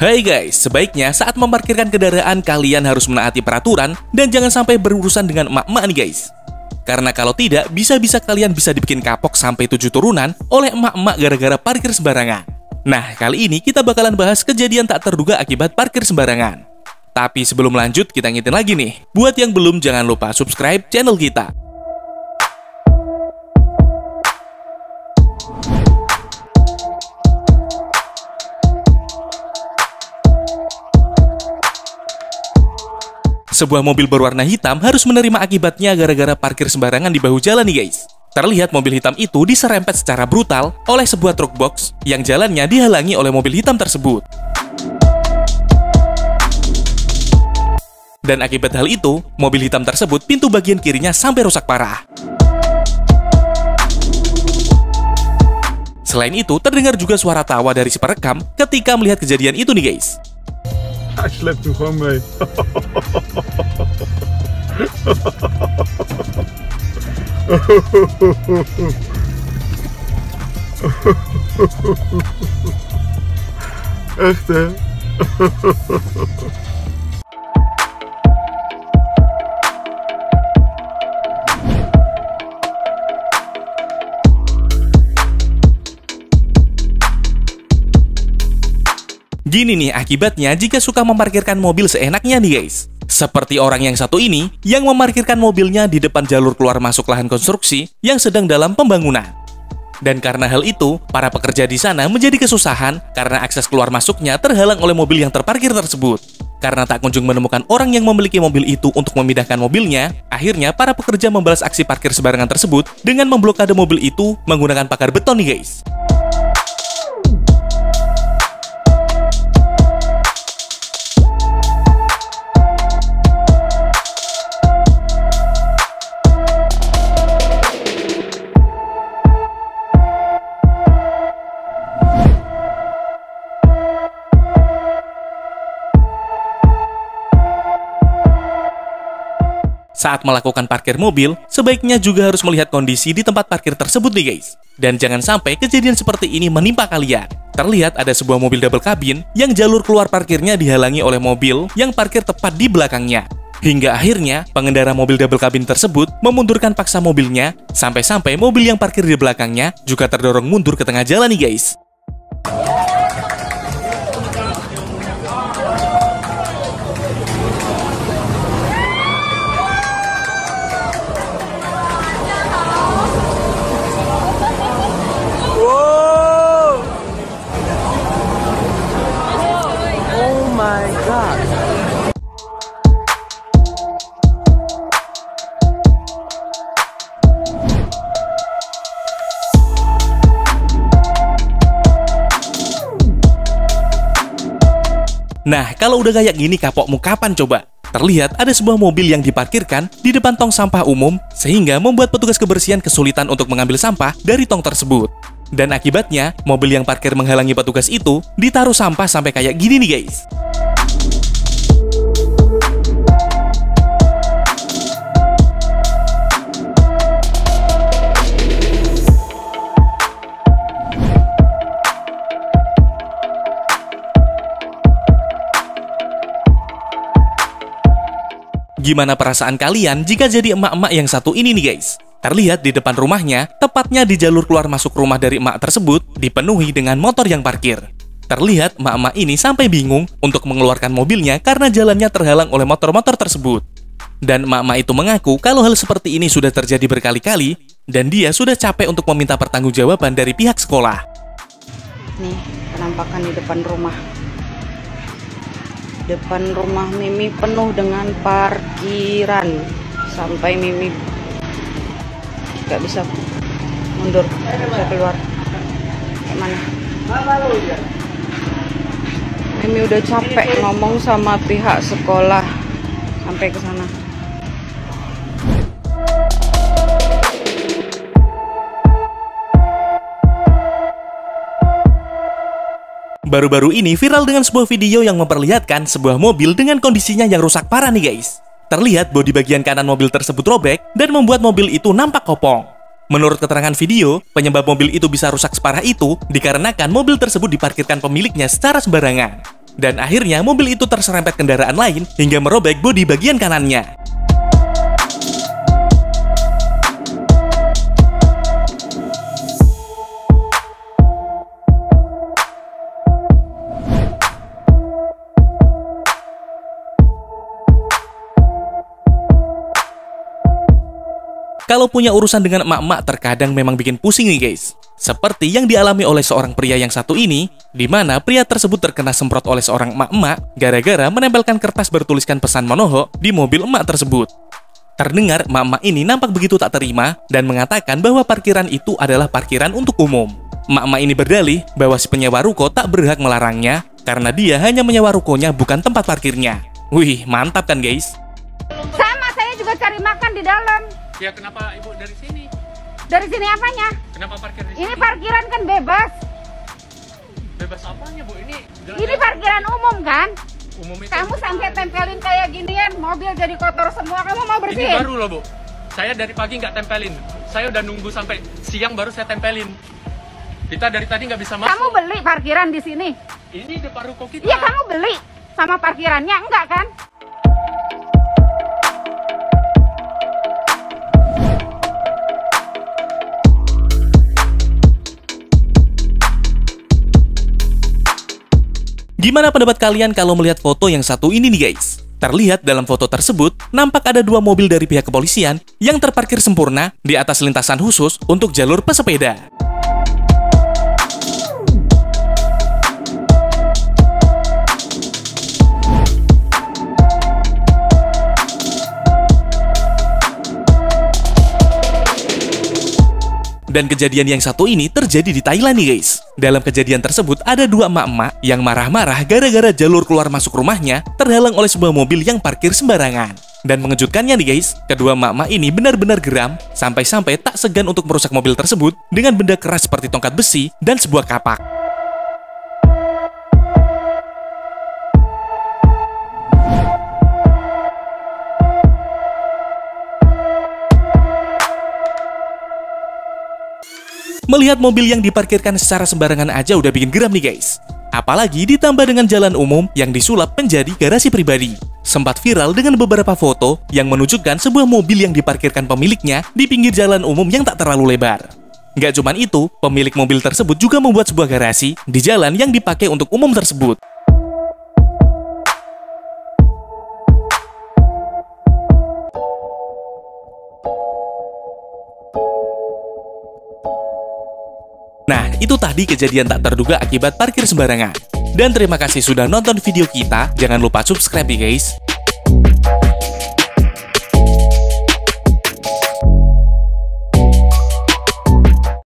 Hai hey guys, sebaiknya saat memarkirkan kendaraan kalian harus menaati peraturan dan jangan sampai berurusan dengan emak-emak nih guys. Karena kalau tidak, bisa-bisa kalian bisa dibikin kapok sampai tujuh turunan oleh emak-emak gara-gara parkir sembarangan. Nah, kali ini kita bakalan bahas kejadian tak terduga akibat parkir sembarangan. Tapi sebelum lanjut, kita ngitin lagi nih. Buat yang belum, jangan lupa subscribe channel kita. Sebuah mobil berwarna hitam harus menerima akibatnya gara-gara parkir sembarangan di bahu jalan nih guys. Terlihat mobil hitam itu diserempet secara brutal oleh sebuah truk box yang jalannya dihalangi oleh mobil hitam tersebut. Dan akibat hal itu, mobil hitam tersebut pintu bagian kirinya sampai rusak parah. Selain itu, terdengar juga suara tawa dari si perekam ketika melihat kejadian itu nih guys. Hij slept hem gewoon mee. Echt hè? Gini nih akibatnya jika suka memarkirkan mobil seenaknya nih guys. Seperti orang yang satu ini, yang memarkirkan mobilnya di depan jalur keluar masuk lahan konstruksi yang sedang dalam pembangunan. Dan karena hal itu, para pekerja di sana menjadi kesusahan karena akses keluar masuknya terhalang oleh mobil yang terparkir tersebut. Karena tak kunjung menemukan orang yang memiliki mobil itu untuk memindahkan mobilnya, akhirnya para pekerja membalas aksi parkir sembarangan tersebut dengan memblokade mobil itu menggunakan pagar beton nih guys. Saat melakukan parkir mobil, sebaiknya juga harus melihat kondisi di tempat parkir tersebut nih guys. Dan jangan sampai kejadian seperti ini menimpa kalian. Terlihat ada sebuah mobil double kabin yang jalur keluar parkirnya dihalangi oleh mobil yang parkir tepat di belakangnya. Hingga akhirnya, pengendara mobil double kabin tersebut memundurkan paksa mobilnya, sampai-sampai mobil yang parkir di belakangnya juga terdorong mundur ke tengah jalan nih guys. Nah, kalau udah kayak gini kapokmu kapan coba? Terlihat ada sebuah mobil yang diparkirkan di depan tong sampah umum sehingga membuat petugas kebersihan kesulitan untuk mengambil sampah dari tong tersebut. Dan akibatnya, mobil yang parkir menghalangi petugas itu ditaruh sampah sampai kayak gini nih guys. Gimana perasaan kalian jika jadi emak-emak yang satu ini nih guys? Terlihat di depan rumahnya, tepatnya di jalur keluar masuk rumah dari emak tersebut, dipenuhi dengan motor yang parkir. Terlihat emak-emak ini sampai bingung untuk mengeluarkan mobilnya karena jalannya terhalang oleh motor-motor tersebut. Dan emak-emak itu mengaku kalau hal seperti ini sudah terjadi berkali-kali, dan dia sudah capek untuk meminta pertanggungjawaban dari pihak sekolah. Nih, penampakan di depan rumah depan rumah Mimi penuh dengan parkiran sampai Mimi nggak bisa mundur bisa keluar kemana Mimi udah capek ngomong sama pihak sekolah sampai ke sana Baru-baru ini viral dengan sebuah video yang memperlihatkan sebuah mobil dengan kondisinya yang rusak parah nih guys. Terlihat bodi bagian kanan mobil tersebut robek dan membuat mobil itu nampak kopong. Menurut keterangan video, penyebab mobil itu bisa rusak separah itu dikarenakan mobil tersebut diparkirkan pemiliknya secara sembarangan. Dan akhirnya mobil itu terserempet kendaraan lain hingga merobek bodi bagian kanannya. Kalau punya urusan dengan emak-emak terkadang memang bikin pusing nih guys. Seperti yang dialami oleh seorang pria yang satu ini, di mana pria tersebut terkena semprot oleh seorang emak-emak gara-gara menempelkan kertas bertuliskan pesan Manoho di mobil emak tersebut. Terdengar emak-emak ini nampak begitu tak terima dan mengatakan bahwa parkiran itu adalah parkiran untuk umum. Emak-emak ini berdalih bahwa si penyewa ruko tak berhak melarangnya karena dia hanya menyewa rukonya bukan tempat parkirnya. Wih, mantap kan guys? Sama, saya juga cari makan di dalam. Ya kenapa ibu dari sini? Dari sini apanya? Kenapa parkir di sini? Ini parkiran kan bebas. Bebas apanya bu? Ini jalan ini parkiran umum kan? Umum itu. Kamu sampai tempelin kayak ginian, mobil jadi kotor semua. Kamu mau bersihin? Ini baru loh bu. Saya dari pagi nggak tempelin. Saya udah nunggu sampai siang baru saya tempelin. Kita dari tadi nggak bisa masuk. Kamu beli parkiran di sini? Ini depan ruko kita. Iya kamu beli sama parkirannya enggak kan? Gimana pendapat kalian kalau melihat foto yang satu ini nih guys? Terlihat dalam foto tersebut, nampak ada dua mobil dari pihak kepolisian yang terparkir sempurna di atas lintasan khusus untuk jalur pesepeda. Dan kejadian yang satu ini terjadi di Thailand nih guys. Dalam kejadian tersebut ada dua emak-emak yang marah-marah gara-gara jalur keluar masuk rumahnya terhalang oleh sebuah mobil yang parkir sembarangan. Dan mengejutkannya nih guys, kedua emak emak ini benar-benar geram sampai-sampai tak segan untuk merusak mobil tersebut dengan benda keras seperti tongkat besi dan sebuah kapak. Melihat mobil yang diparkirkan secara sembarangan aja udah bikin geram nih guys. Apalagi ditambah dengan jalan umum yang disulap menjadi garasi pribadi. Sempat viral dengan beberapa foto yang menunjukkan sebuah mobil yang diparkirkan pemiliknya di pinggir jalan umum yang tak terlalu lebar. Gak cuman itu, pemilik mobil tersebut juga membuat sebuah garasi di jalan yang dipakai untuk umum tersebut. Nah, itu tadi kejadian tak terduga akibat parkir sembarangan. Dan terima kasih sudah nonton video kita, jangan lupa subscribe ya guys.